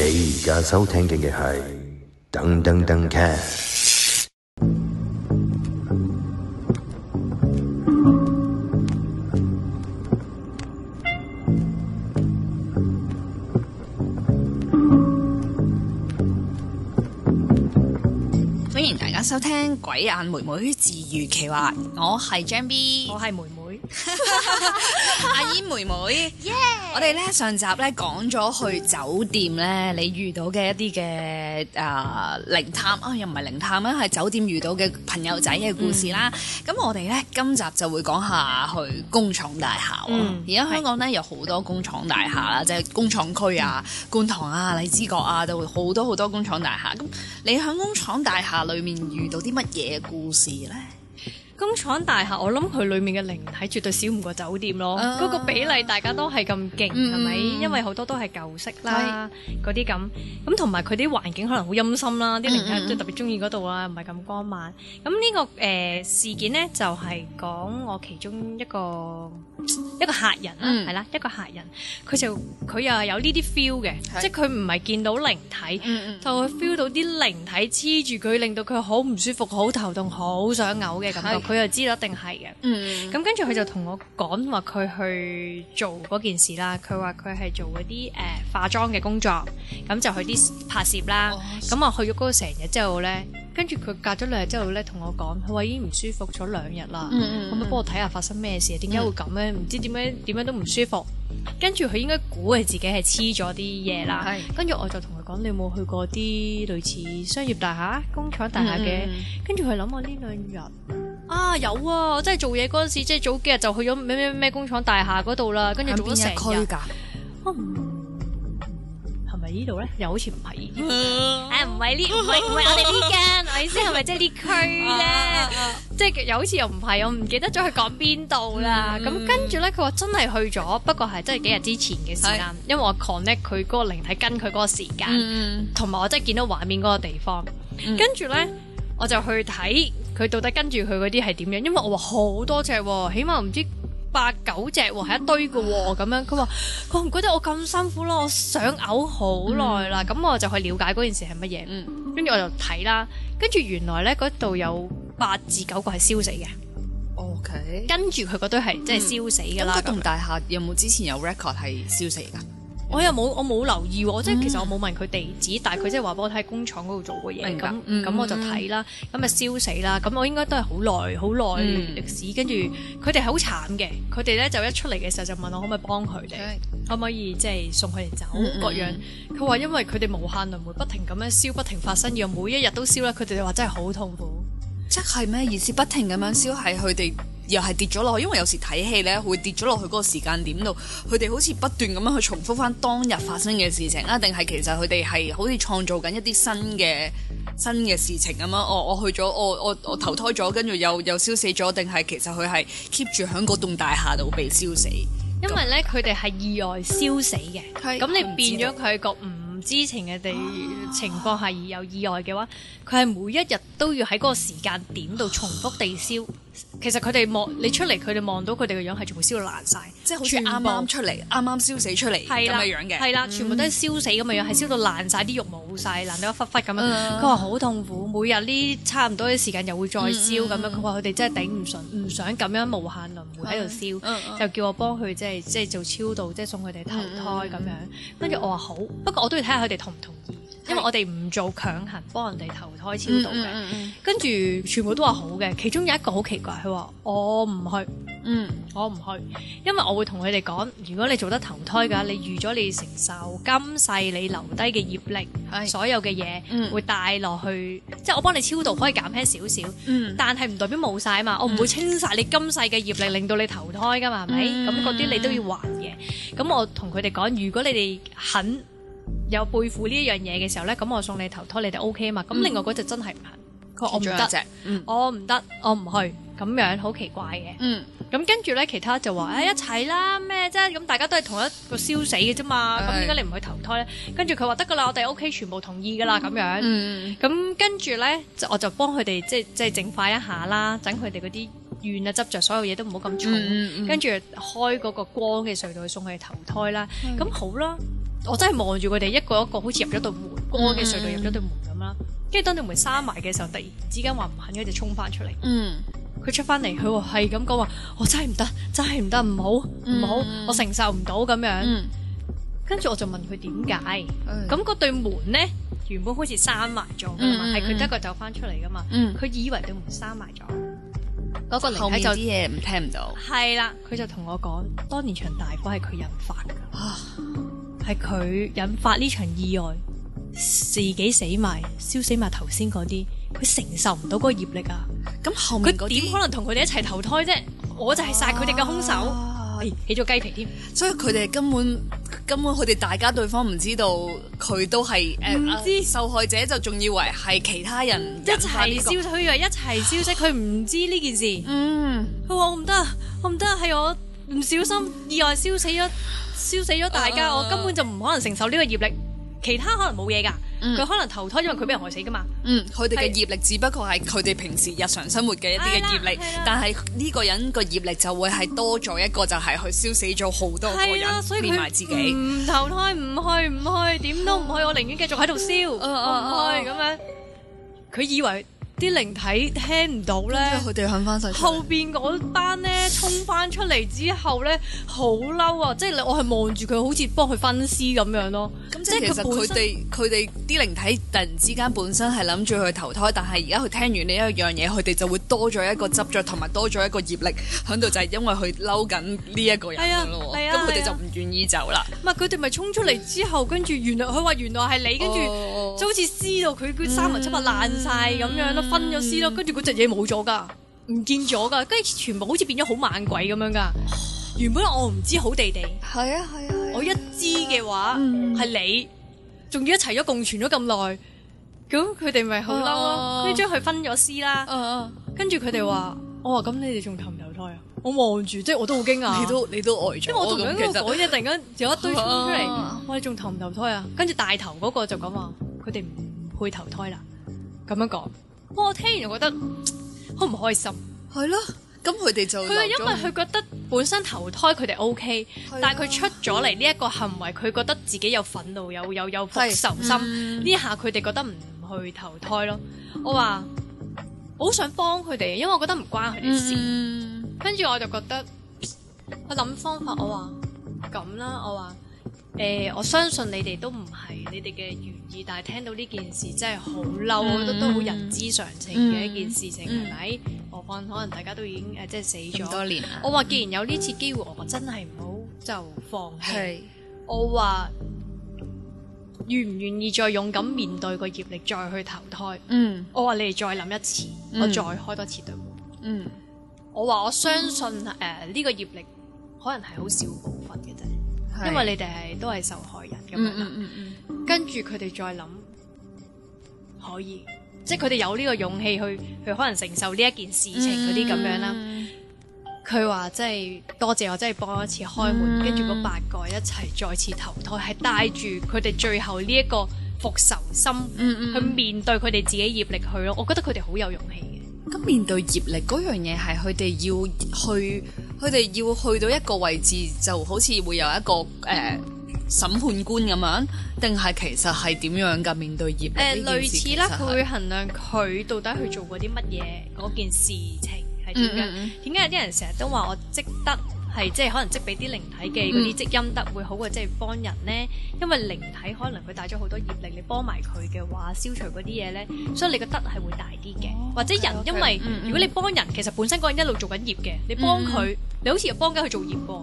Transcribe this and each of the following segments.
你而家收聽嘅係噔噔噔 cast，歡迎大家收聽《鬼眼妹妹治癒奇話》，我係 Jen B，我係妹妹。 阿姨妹妹，Yeah. 我哋咧上集咧講咗去酒店咧，你遇到嘅一啲嘅啊靈探啊，又唔係靈探啦，係酒店遇到嘅朋友仔嘅故事啦。咁、mm. 我哋咧今集就會講下去工廠大廈。而家、mm. 香港咧有好多工廠大廈啦，mm. 即係工廠區啊、mm. 觀塘啊、荔枝角啊，都會好多好多工廠大廈。咁你喺工廠大廈裏面遇到啲乜嘢故事咧？工廠大廈，我諗佢裏面嘅靈體絕對少唔過酒店咯。嗰、啊、個比例大家都係咁勁，係咪、嗯？因為好多都係舊式啦，嗰啲咁。咁同埋佢啲環境可能好陰森啦，啲靈體即係特別中意嗰度啊，唔係咁光猛，咁呢、這個誒、呃、事件咧，就係、是、講我其中一個一個客人啊，係啦一個客人，佢、嗯、就佢又有呢啲 feel 嘅，是即係佢唔係見到靈體，嗯、就會 feel 到啲靈體黐住佢，令到佢好唔舒服、好頭痛、好想嘔嘅感覺。佢又知道一定係嘅。嗯。咁跟住佢就同我講話，佢去做嗰件事啦。佢話佢係做嗰啲誒化妝嘅工作，咁就去啲拍攝啦。哦。咁啊去咗嗰成日之後咧，跟住佢隔咗兩日之後咧，同我講，佢話已經唔舒服咗兩日啦。嗯嗯、可唔可以幫我睇下發生咩事？點解會咁咧？唔、嗯、知點樣點樣都唔舒服。跟住佢應該估係自己係黐咗啲嘢啦。是跟住我就同佢講：你有冇去過啲類似商業大廈、工廠大廈嘅？嗯、跟住佢諗我呢兩日。嗯啊有啊！我真係做嘢嗰陣時，即係早幾日就去咗咩咩咩工廠大廈嗰度啦，跟住做咗成日。邊一區噶？係咪呢度咧？又好似唔係。唔係呢，唔係唔係我哋呢間。我意思係咪即係呢區咧？即係又好似又唔係。我唔記得咗佢講邊度啦。咁跟住咧，佢話真係去咗，不過係真係幾日之前嘅時間，因為我 connect 佢嗰個靈體跟佢嗰個時間，同埋我真係見到畫面嗰個地方。跟住咧，我就去睇。佢到底跟住佢嗰啲係點樣？因為我話好多隻喎、喔，起碼唔知八九隻喎、喔，係一堆嘅喎、喔，咁、嗯、樣佢話，我唔覺得我咁辛苦咯，我想嘔好耐啦。咁、嗯、我就去了解嗰件事係乜嘢，跟住我就睇啦。跟住原來咧，嗰度有八至九個係燒死嘅。OK。跟住佢嗰堆係即係燒死㗎啦。咁佢、嗯那個、棟大廈有冇之前有 record 係燒死㗎？我又冇我冇留意，我即係其實我冇問佢地址，但係佢即係話俾我睇工廠嗰度做過嘢，咁咁我就睇啦，咁咪燒死啦，咁我應該都係好耐好耐歷史，跟住佢哋係好慘嘅，佢哋咧就一出嚟嘅時候就問我可唔可以幫佢哋，可唔可以即係送佢哋走，各樣，佢話因為佢哋無限輪迴，不停咁樣燒，不停發生嘢，每一日都燒啦，佢哋話真係好痛苦，即係咩？意思不停咁樣燒係佢哋。又係跌咗落去，因為有時睇戲咧，會跌咗落去嗰個時間點度。佢哋好似不斷咁樣去重複翻當日發生嘅事情啊，定係其實佢哋係好似創造緊一啲新嘅新嘅事情咁啊？我我去咗，我我我投胎咗，跟住又又燒死咗，定係其實佢係 keep 住喺嗰棟大廈度被燒死？因為咧，佢哋係意外燒死嘅。係。咁你變咗佢個唔知情嘅地情況下係有意外嘅話，佢係每一日都要喺嗰個時間點度重複地燒。啊 其實佢哋望你出嚟，佢哋望到佢哋嘅樣係全部燒到爛晒，即係好似啱啱出嚟，啱啱燒死出嚟咁嘅樣嘅，係啦，全部都係燒死咁嘅樣，係燒、嗯、到爛晒，啲肉冇晒，爛到一忽忽咁樣。佢話好痛苦，每日呢差唔多啲時間又會再燒咁樣。佢話佢哋真係頂唔順，唔想咁樣無限輪迴喺度燒，嗯、就叫我幫佢、即係、即係即係做超度，即係送佢哋投胎咁樣。跟住、嗯嗯、我話好，不過我都要睇下佢哋同唔同意。因為我哋唔做強行幫人哋投胎超度嘅，跟住全部都話好嘅。其中有一個好奇怪，佢話我唔去，嗯，我唔去，因為我會同佢哋講，如果你做得投胎嘅話，你預咗你承受今世你留低嘅業力，所有嘅嘢會帶落去，即係我幫你超度可以減輕少少，嗯，但係唔代表冇晒啊嘛，我唔會清晒你今世嘅業力，令到你投胎噶嘛，係咪？咁嗰啲你都要還嘅。咁我同佢哋講，如果你哋肯。有背負呢一樣嘢嘅時候咧，咁我送你投胎，你哋 O K 啊嘛？咁另外嗰隻真係唔肯，我唔得，我唔得，我唔去，咁樣好奇怪嘅。嗯，咁跟住咧，其他就話誒一齊啦，咩啫？咁大家都係同一個燒死嘅啫嘛。咁點解你唔去投胎咧？跟住佢話得噶啦，我哋 O K，全部同意噶啦，咁樣。嗯，咁跟住咧，我就幫佢哋即係即係整化一下啦，整佢哋嗰啲怨啊執着，所有嘢都唔好咁重。跟住開嗰個光嘅隧道去送佢投胎啦。咁好啦。我真係望住佢哋一個一個，好似入咗對門，光嘅隧道入咗對門咁啦。跟住當對門閂埋嘅時候，突然之間話唔肯，佢就衝翻出嚟。嗯，佢出翻嚟，佢係咁講話，我真係唔得，真係唔得，唔好，唔好，我承受唔到咁樣。跟住我就問佢點解？咁嗰對門咧，原本好似閂埋咗噶嘛，係佢得一個走翻出嚟噶嘛。佢以為對門閂埋咗，嗰個靈體就聽唔到。係啦，佢就同我講，當年場大火係佢引發嘅。係佢引發呢場意外，自己死埋，燒死埋頭先嗰啲，佢承受唔到嗰個業力啊！咁後面佢點可能同佢哋一齊投胎啫？我就係殺佢哋嘅凶手，起咗雞皮添。所以佢哋根本根本，佢哋大家對方唔知道，佢都係誒，唔知受害者就仲以為係其他人一齊消失，佢以為一齊消失，佢唔知呢件事。嗯，佢話我唔得，我唔得，係我。唔小心意外燒死咗，燒死咗大家，我根本就唔可能承受呢個業力。其他可能冇嘢噶，佢可能投胎，因為佢俾人害死噶嘛。嗯，佢哋嘅業力只不過係佢哋平時日常生活嘅一啲嘅業力，但係呢個人個業力就會係多咗一個，就係佢燒死咗好多個人，連埋自己。唔投胎，唔去唔去，點都唔去，我寧願繼續喺度燒，唔去咁樣。佢以為。啲靈體聽唔到咧，後邊嗰班咧衝翻出嚟之後咧，好嬲啊！即係我係望住佢，好似幫佢分屍咁樣咯。咁即係其實佢哋佢哋啲靈體突然之間本身係諗住去投胎，但係而家佢聽完呢一樣嘢，佢哋就會多咗一個執着，同埋多咗一個業力喺度，就係、係、因為佢嬲緊呢一個人嘅咯。咁佢哋就唔願意走啦、啊。唔係佢哋咪衝出嚟之後，跟住原來佢話原來係你，哦、跟住就好似撕到佢嗰三文七文爛晒咁樣咯。嗯嗯分咗屍咯，跟住嗰隻嘢冇咗噶，唔見咗噶，跟住全部好似變咗好猛鬼咁樣噶。原本我唔知好地地，係啊係啊，我一知嘅話係 hairy 你，仲要一齊咗共存咗咁耐，咁佢哋咪好嬲咯，跟住將佢分咗屍啦。跟住佢哋話，我話咁你哋仲投唔投胎啊？我望住，即係我都好驚訝，你都你都呆咗。因為我同緊我講嘢，突然間有一堆風出嚟，我喂，仲投唔投胎啊？跟住大頭嗰個就咁話，佢哋唔配投胎啦，咁樣講。我聽完覺得好唔開心，係咯，咁佢哋就佢話因為佢覺得本身投胎佢哋 OK，但係佢出咗嚟呢一個行為，佢、嗯、覺得自己有憤怒，有有有復仇心，呢下佢哋覺得唔去投胎咯。我話、嗯、我好想幫佢哋，因為我覺得唔關佢哋事，跟住、嗯、我就覺得我諗方法，我話咁啦，我話。誒，我相信你哋都唔係你哋嘅原意，但係聽到呢件事真係好嬲，我覺得都好人之常情嘅一件事情，係咪？何況可能大家都已經誒，即係死咗多年啦。我話既然有呢次機會，我真係唔好就放棄。我話願唔願意再勇敢面對個業力，再去投胎？嗯。我話你哋再諗一次，我再開多次對門。嗯。我話我相信誒，呢個業力可能係好少部分嘅啫。因為你哋係都係受害人咁 樣啦，跟住佢哋再諗，可以，即係佢哋有呢個勇氣去去可能承受呢一件事情嗰啲咁樣啦。佢話即係多謝我，真係幫一次開門，跟住嗰八個一齊再次投胎，係帶住佢哋最後呢一個復仇心 去面對佢哋自己業力去咯。我覺得佢哋好有勇氣嘅。咁面對業力嗰樣嘢係佢哋要去，佢哋要去到一個位置，就好似會有一個誒、呃、審判官咁樣，定係其實係點樣嘅面對業誒，呃、類似啦，佢會衡量佢到底去做過啲乜嘢嗰件事情係點樣？點解、嗯嗯嗯、有啲人成日都話我積德。係即係可能即俾啲靈體嘅嗰啲積陰德會好過、mm. 即係幫人咧，因為靈體可能佢帶咗好多業力，你幫埋佢嘅話，消除嗰啲嘢咧，所以你個德係會大啲嘅。Oh, 或者人 okay. 因為如果你幫人，mm hmm. 其實本身個人一路做緊業嘅，你幫佢，mm. 你好似又幫緊佢做業噃。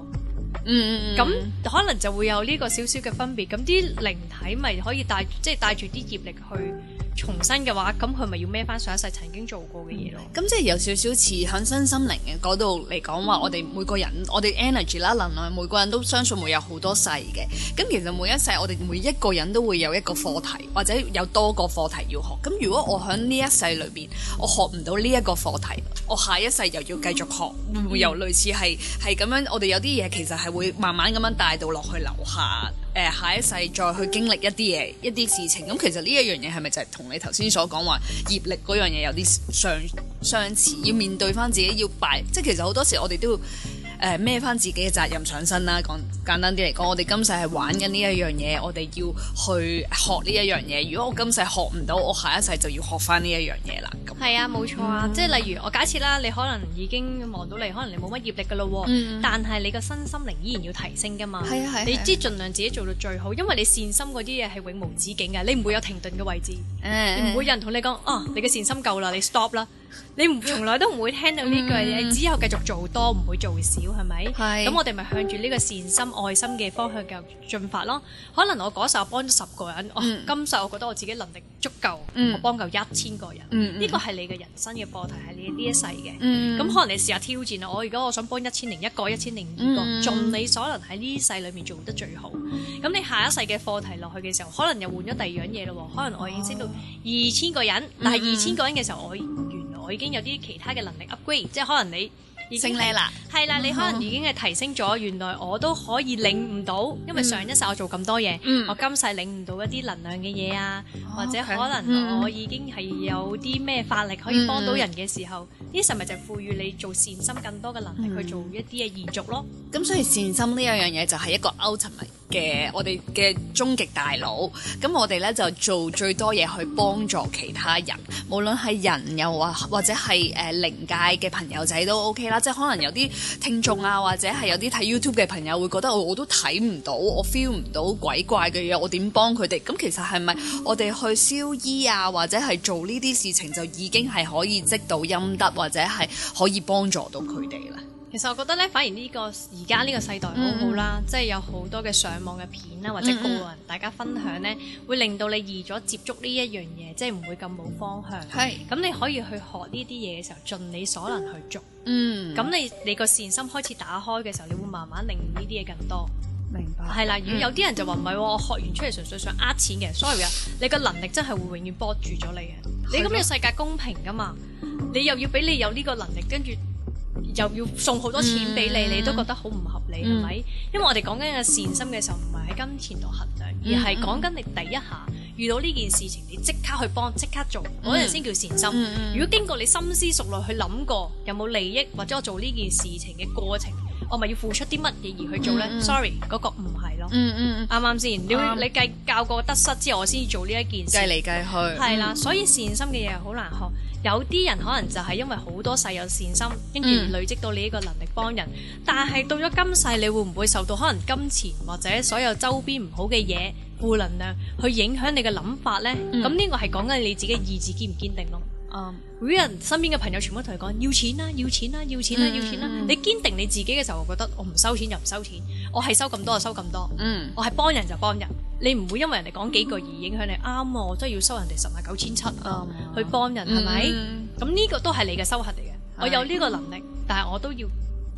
嗯嗯、mm。咁、hmm. 可能就會有呢個少少嘅分別。咁啲靈體咪可以帶即係帶住啲業力去，重新嘅話，咁佢咪要孭翻上，上一世曾經做過嘅嘢咯？咁、嗯、即係有少少似喺身心靈嘅嗰度嚟講話，嗯、我哋每個人，我哋 energy 啦、能量，每個人都相信會有好多世嘅。咁其實每一世，我哋每一個人都會有一個課題，或者有多個課題要學。咁如果我喺呢一世裏邊，我學唔到呢一個課題，我下一世又要繼續學，嗯、會唔會有類似係係咁樣？我哋有啲嘢其實係會慢慢咁樣帶到落去留下。誒下一世再去經歷一啲嘢，一啲事情咁，其實呢一樣嘢係咪就係同你頭先所講話業力嗰樣嘢有啲相相似？要面對翻自己，要擺，即係其實好多時我哋都要。誒孭翻自己嘅責任上身啦，講簡單啲嚟講，我哋今世係玩緊呢一樣嘢，我哋要去學呢一樣嘢。如果我今世學唔到，我下一世就要學翻呢一樣嘢啦。咁係啊，冇錯啊。嗯、即係例如我假設啦，你可能已經忙到嚟，可能你冇乜業力噶咯喎，嗯、但係你個身心靈依然要提升噶嘛。係啊係。你即係盡量自己做到最好，因為你善心嗰啲嘢係永無止境嘅，你唔會有停頓嘅位置。嗯嗯，你唔會有人同你講，哦、嗯啊，你嘅善心夠啦，你 stop 啦。你從來都唔會聽到呢句嘢，只有繼續做多，唔會做少，係咪？咁我哋咪向住呢個善心、愛心嘅方向繼續進發咯。可能我嗰時候幫咗十個人，今世我覺得我自己能力足夠，我幫夠一千個人，呢個係你嘅人生嘅課題，係你呢一世嘅。咁可能你試下挑戰我，如果我想幫一千零一個、一千零二個，盡你所能喺呢世裏面做得最好。咁你下一世嘅課題落去嘅時候，可能又換咗第二樣嘢咯。可能我已經識到二千個人，但係二千個人嘅時候，我我已經有啲其他嘅能力 upgrade，即係可能你。升咧啦，係啦，你可能已經係提升咗。原來我都可以領唔到，因為上一世我做咁多嘢，嗯、我今世領唔到一啲能量嘅嘢啊。或者可能我已經係有啲咩法力可以幫到人嘅時候，呢時咪就賦予你做善心更多嘅能力去做一啲嘅延續咯。咁所以善心呢一樣嘢就係一個 ultimate 嘅，我哋嘅終極大佬。咁我哋咧就做最多嘢去幫助其他人，無論係人又或或者係誒靈界嘅朋友仔都 OK 啦。即係可能有啲聽眾啊，或者係有啲睇 YouTube 嘅朋友會覺得我，哦、我都睇唔到，我 feel 唔到鬼怪嘅嘢，我點幫佢哋？咁其實係咪我哋去燒衣啊，或者係做呢啲事情就已經係可以積到陰德，或者係可以幫助到佢哋啦？其實我覺得咧，反而呢、呢個而家呢個世代好好啦，嗯、即係有好多嘅上網嘅片啦，嗯、或者個人大家分享咧，會令到你易咗接觸呢一樣嘢，即係唔會咁冇方向。係是，咁你可以去學呢啲嘢嘅時候，盡你所能去做。嗯，咁你你個善心開始打開嘅時候，你會慢慢令呢啲嘢更多。明白。係啦，如果有啲人就話唔係喎，我學完出嚟純粹想呃錢嘅，所以啊，sorry, 你個能力真係會永遠鎖住咗你嘅。的你咁嘅世界公平㗎嘛？你又要俾你有呢個能力，跟住。又要送好多錢俾你，你都覺得好唔合理，係咪？嗯、吧因為我哋講緊嘅善心嘅時候，唔係喺金錢度衡量，而係講緊你第一下遇到呢件事情，你即刻去幫，即刻做嗰陣先叫善心。嗯嗯、如果經過你深思熟慮去諗過，有冇利益或者我做呢件事情嘅過程。我咪要付出啲乜嘢而去做呢？Sorry，嗰個唔係咯。啱唔啱先？你你計較個得失之後，我先做呢一件事。計嚟計去係啦，所以善心嘅嘢好難學。有啲人可能就係因為好多世有善心，跟住累積到你呢個能力幫人，mm hmm. 但係到咗今世，你會唔會受到可能金錢或者所有周邊唔好嘅嘢負能量去影響你嘅諗法呢？咁呢、mm hmm. 個係講緊你自己意志堅唔堅定咯。嗯，每人、um, 身邊嘅朋友全部同佢講要錢啦，要錢啦，要錢啦，mm hmm. 要錢啦。你堅定你自己嘅時候，我覺得我唔收錢就唔收錢，我係收咁多就收咁多。嗯、mm，hmm. 我係幫人就幫人，你唔會因為人哋講幾句而影響你啱喎、mm hmm. 啊，我真係要收人哋十萬九千七啊、mm，hmm. 去幫人係咪？咁呢、mm hmm. 個都係你嘅收穫嚟嘅。我有呢個能力，mm hmm. 但係我都要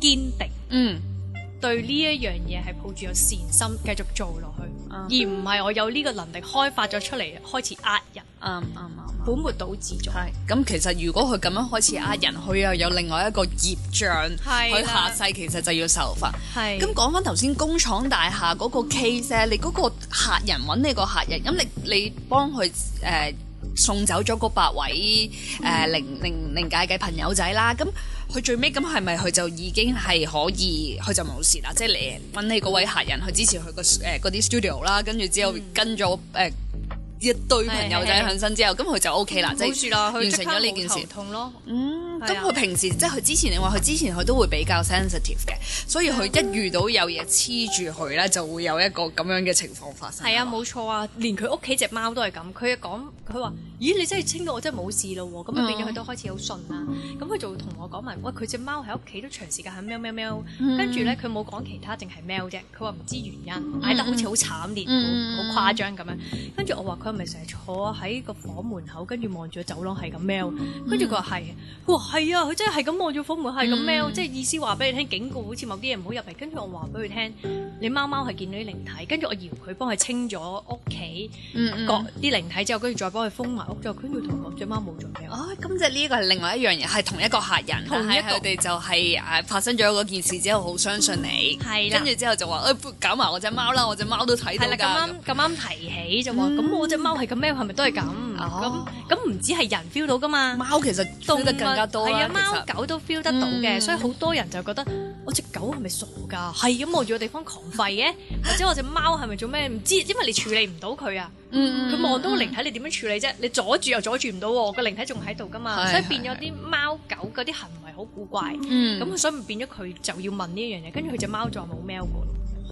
堅定，嗯、mm，hmm. 對呢一樣嘢係抱住有善心繼續做落去，mm hmm. 而唔係我有呢個能力開發咗出嚟開始呃人。啱啱啱，um, um, um, 本末倒置咗。係咁是，其實如果佢咁樣開始呃人，佢、嗯、又有另外一個業障，佢的下世其實就要受罰。係咁的，講翻頭先工廠大廈嗰個 case，、嗯、你嗰個客人揾你個客人，咁你客人你幫佢誒送走咗個八位誒、呃、零零靈界嘅朋友仔啦，咁佢最尾，咁係咪佢就已經係可以，佢就冇事啦？即、就、係、是、你揾你嗰位客人去支持佢個誒嗰啲 studio 啦，跟住之後跟咗誒。嗯一堆朋友仔向身之後，咁佢是就 O、OK、K 啦，即係係完成咗呢件事。痛咯。 嗯咁佢平時即係佢之前，你話佢之前佢都會比較 sensitive 嘅，所以佢一遇到有嘢黐住佢咧，就會有一個咁樣嘅情況發生。係啊，冇錯啊，連佢屋企隻貓都係咁。佢講佢話：咦，你真係清到我真係冇事咯喎！咁啊變咗佢都開始好順啦。咁佢就同我講埋：喂，佢隻貓喺屋企都長時間喺喵喵喵。跟住咧，佢冇講其他，淨係喵啫。佢話唔知原因，嗌得好似好慘烈，好誇張咁樣。跟住我話：佢係咪成日坐喺個房門口，跟住望住個走廊係咁喵？跟住佢話係。佢話。係啊，佢真係咁望住火門，係咁喵，即係意思話俾你聽警告，好似某啲嘢唔好入嚟。跟住我話俾佢聽，你貓貓係見到啲靈體，跟住我搖佢幫佢清咗屋企嗰啲靈體之後，跟住再幫佢封埋屋。就佢要同嗰隻貓冇做咩啊？咁即係呢一個係另外一樣嘢，係同一個客人，同佢哋就係誒發生咗嗰件事之後，好相信你。係跟住之後就話誒搞埋我隻貓啦，我隻貓都睇到。咁啱咁啱提起就話，咁、嗯、我隻貓係咁喵，係咪都係咁？哦，咁咁唔止係人 feel 到㗎嘛，貓其實都 feel 得更加多啦，其實貓狗都 feel 得到嘅，所以好多人就覺得我隻狗係咪傻㗎？係咁望住個地方狂吠嘅，或者我隻貓係咪做咩？唔知，因為你處理唔到佢啊，佢望到個靈體你點樣處理啫？你阻住又阻住唔到，個靈體仲喺度㗎嘛，所以變咗啲貓狗嗰啲行為好古怪，咁所以變咗佢就要問呢樣嘢，跟住佢隻貓就冇喵過。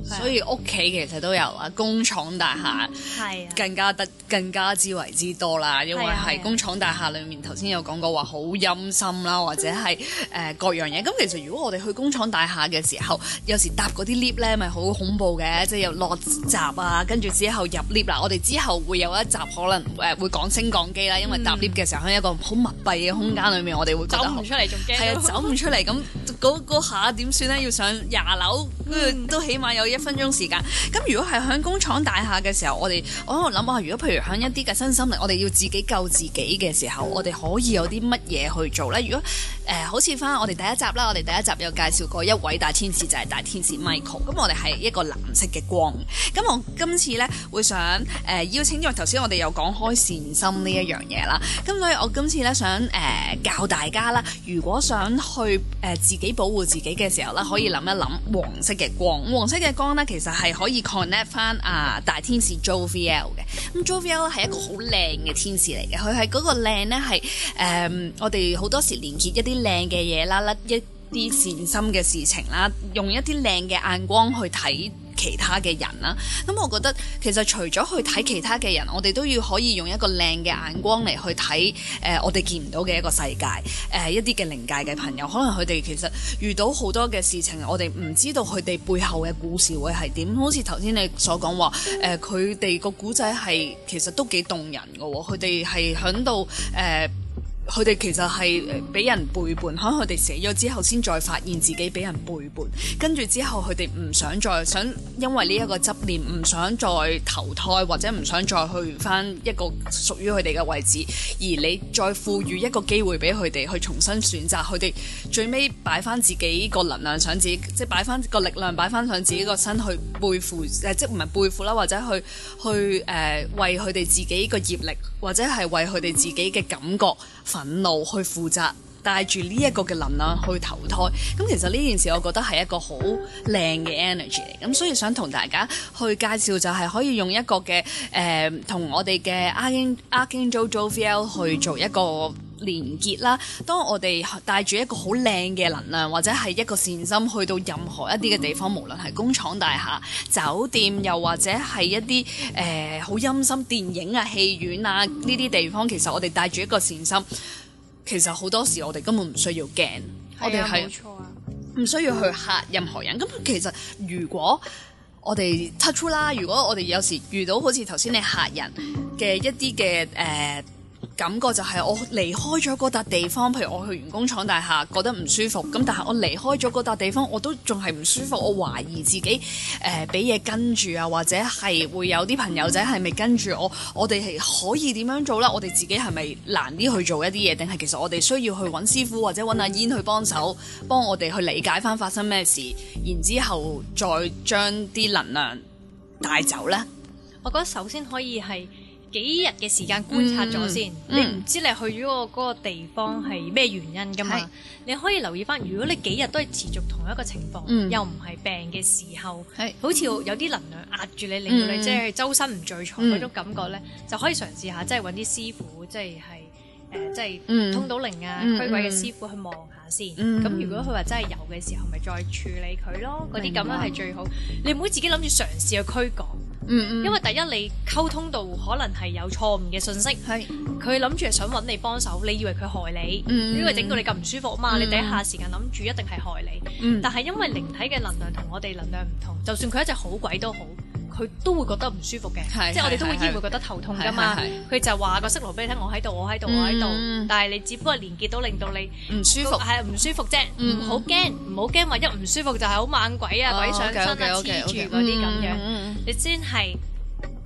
所以屋企其實都有啊，工廠大廈更加得更加之為之多啦，因為係工廠大廈裡面頭先有講過話好陰森啦，或者係誒、呃、各樣嘢。咁其實如果我哋去工廠大廈嘅時候，有時搭嗰啲 lift 咧，咪好恐怖嘅，即係又落閘啊，跟住之後入 lift 啦。我哋之後會有一集可能誒會、呃、會講升降機啦，因為搭 lift 嘅時候喺一個好密閉嘅空間裡面，嗯、我哋會覺得走唔出嚟，仲驚係啊，走唔出嚟咁。 嗰下點算呢？要上廿樓，嗯、都起碼有一分鐘時間。咁如果係喺工廠大廈嘅時候，我哋我諗下，如果譬如喺一啲嘅身心靈，我哋要自己救自己嘅時候，我哋可以有啲乜嘢去做呢？如果誒、呃，好似翻我哋第一集啦，我哋第一集有介紹過一位大天使就係、是、大天使 Michael。咁我哋係一個藍色嘅光。咁我今次呢會想誒、呃、邀請，因為頭先我哋有講開善心呢一樣嘢啦。咁所以我今次呢想誒、呃、教大家啦，如果想去誒、呃、自己。喺保護自己嘅時候咧，可以諗一諗黃色嘅光。黃色嘅光咧，其實係可以 connect 翻啊大天使 Jophiel 嘅。咁 Jophiel 係一個好靚嘅天使嚟嘅，佢係嗰個靚咧係誒，我哋好多時連結一啲靚嘅嘢啦，一啲善心嘅事情啦，用一啲靚嘅眼光去睇其他嘅人啦，咁、嗯、我覺得其實除咗去睇其他嘅人，我哋都要可以用一個靚嘅眼光嚟去睇誒、呃，我哋見唔到嘅一個世界，誒、呃，一啲嘅靈界嘅朋友，可能佢哋其實遇到好多嘅事情，我哋唔知道佢哋背後嘅故事會係點，好似頭先你所講話誒，佢哋個古仔係其實都幾動人嘅，佢哋係響度誒。佢哋其實係俾人背叛，可能佢哋死咗之後，先再發現自己俾人背叛。跟住之後，佢哋唔想再想，因為呢一個執念，唔想再投胎，或者唔想再去翻一個屬於佢哋嘅位置。而你再賦予一個機會俾佢哋去重新選擇，佢哋最尾擺翻自己個能量上自己，自即係擺翻個力量擺翻上自己個身去背負，誒、呃、即唔係背負啦，或者去去誒、呃、為佢哋自己個業力，或者係為佢哋自己嘅感覺。憤怒去負責，帶住呢一個嘅能量去投胎。咁其實呢件事，我覺得係一個好靚嘅 energy。咁所以想同大家去介紹，就係可以用一個嘅誒，同、呃、我哋嘅 Archangel Jophiel 去做一個。連結啦！當我哋帶住一個好靚嘅能量，或者係一個善心去到任何一啲嘅地方，嗯、無論係工廠大廈、酒店，又或者係一啲誒好陰森電影啊、戲院啊呢啲、嗯、地方，其實我哋帶住一個善心，其實好多時我哋根本唔需要驚，啊、我哋係冇錯啊、唔需要去嚇任何人。咁、嗯嗯、其實如果我哋 touch 啦，如果我哋有時遇到好似頭先你嚇人嘅一啲嘅誒。呃感覺就係我離開咗嗰笪地方，譬如我去完工廠大廈，覺得唔舒服。咁但係我離開咗嗰笪地方，我都仲係唔舒服。我懷疑自己誒，俾、呃、嘢跟住啊，或者係會有啲朋友仔係咪跟住我？我哋係可以點樣做啦？我哋自己係咪難啲去做一啲嘢？定係其實我哋需要去揾師傅或者揾阿 Jen 去幫手，幫我哋去理解翻發生咩事，然之後再將啲能量帶走呢？我覺得首先可以係。幾日嘅時間觀察咗先，你唔知你去咗嗰個地方係咩原因噶嘛？你可以留意翻，如果你幾日都係持續同一個情況，又唔係病嘅時候，好似有啲能量壓住你，令到你即係周身唔聚財嗰種感覺咧，就可以嘗試下，即係搵啲師傅，即係誒，即係通到靈啊、驅鬼嘅師傅去望下先。咁如果佢話真係有嘅時候，咪再處理佢咯。嗰啲咁樣係最好，你唔好自己諗住嘗試去驅趕。嗯，mm hmm. 因為第一你溝通度可能係有錯誤嘅信息，係佢諗住係想揾你幫手，你以為佢害你，嗯、mm，hmm. 因為整到你咁唔舒服啊嘛，mm hmm. 你第一下時間諗住一定係害你，嗯、mm，hmm. 但係因為靈體嘅能量同我哋能量唔同，就算佢一隻好鬼都好。Mm hmm. 佢都會覺得唔舒服嘅，即係我哋都會依會覺得頭痛噶嘛。佢就話個色羅畀你聽我喺度，我喺度，我喺度。但係你只不過連結到令到你唔舒服，係唔舒服啫。唔好驚，唔好驚話一唔舒服就係好猛鬼啊，鬼上身啊，黐住嗰啲咁樣。你先係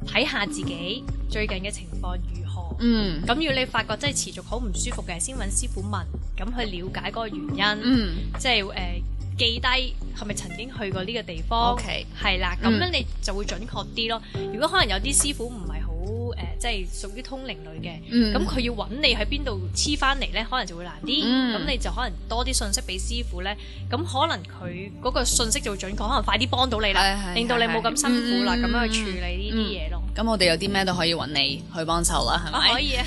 睇下自己最近嘅情況如何。嗯。咁要你發覺真係持續好唔舒服嘅，先揾師傅問，咁去了解嗰個原因。嗯。即係誒。記低係咪曾經去過呢個地方？OK，係啦，咁樣你就會準確啲咯。如果可能有啲師傅唔係好誒，即係屬於通靈類嘅，咁佢要揾你喺邊度黐翻嚟咧，可能就會難啲。咁你就可能多啲信息俾師傅咧，咁可能佢嗰個信息就會準確，可能快啲幫到你啦，令到你冇咁辛苦啦，咁樣去處理呢啲嘢咯。咁我哋有啲咩都可以揾你去幫手啦，係咪？可以啊，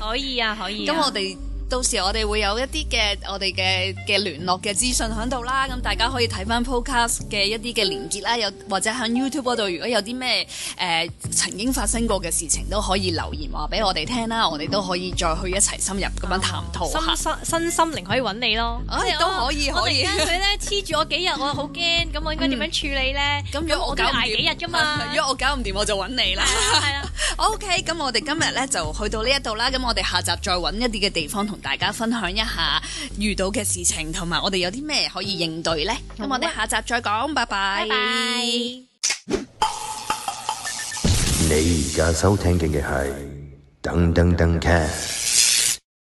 可以啊，可以。咁我哋。到時我哋會有一啲嘅我哋嘅嘅聯絡嘅資訊喺度啦，咁大家可以睇翻 podcast 嘅一啲嘅連結啦，又或者喺 YouTube 嗰度，如果有啲咩誒曾經發生過嘅事情，都可以留言話俾我哋聽啦，我哋、啊、都可以再去一齊深入咁樣探討下。新心新心靈可以揾你咯，都可以可以。我驚佢咧黐住我幾日，我好驚，咁我應該點樣處理咧？咁如果我搞唔掂， 啊、是 如果我搞唔掂，我就揾你啦。OK，咁我哋今日咧就去到呢一度啦，咁我哋下集再揾一啲嘅地方同大家分享一下遇到嘅事情，同埋我哋有啲咩可以應對呢。咁、嗯、我哋下集再講，拜拜。拜拜 bye。你而家收聽緊嘅係《燈登登 Cast》。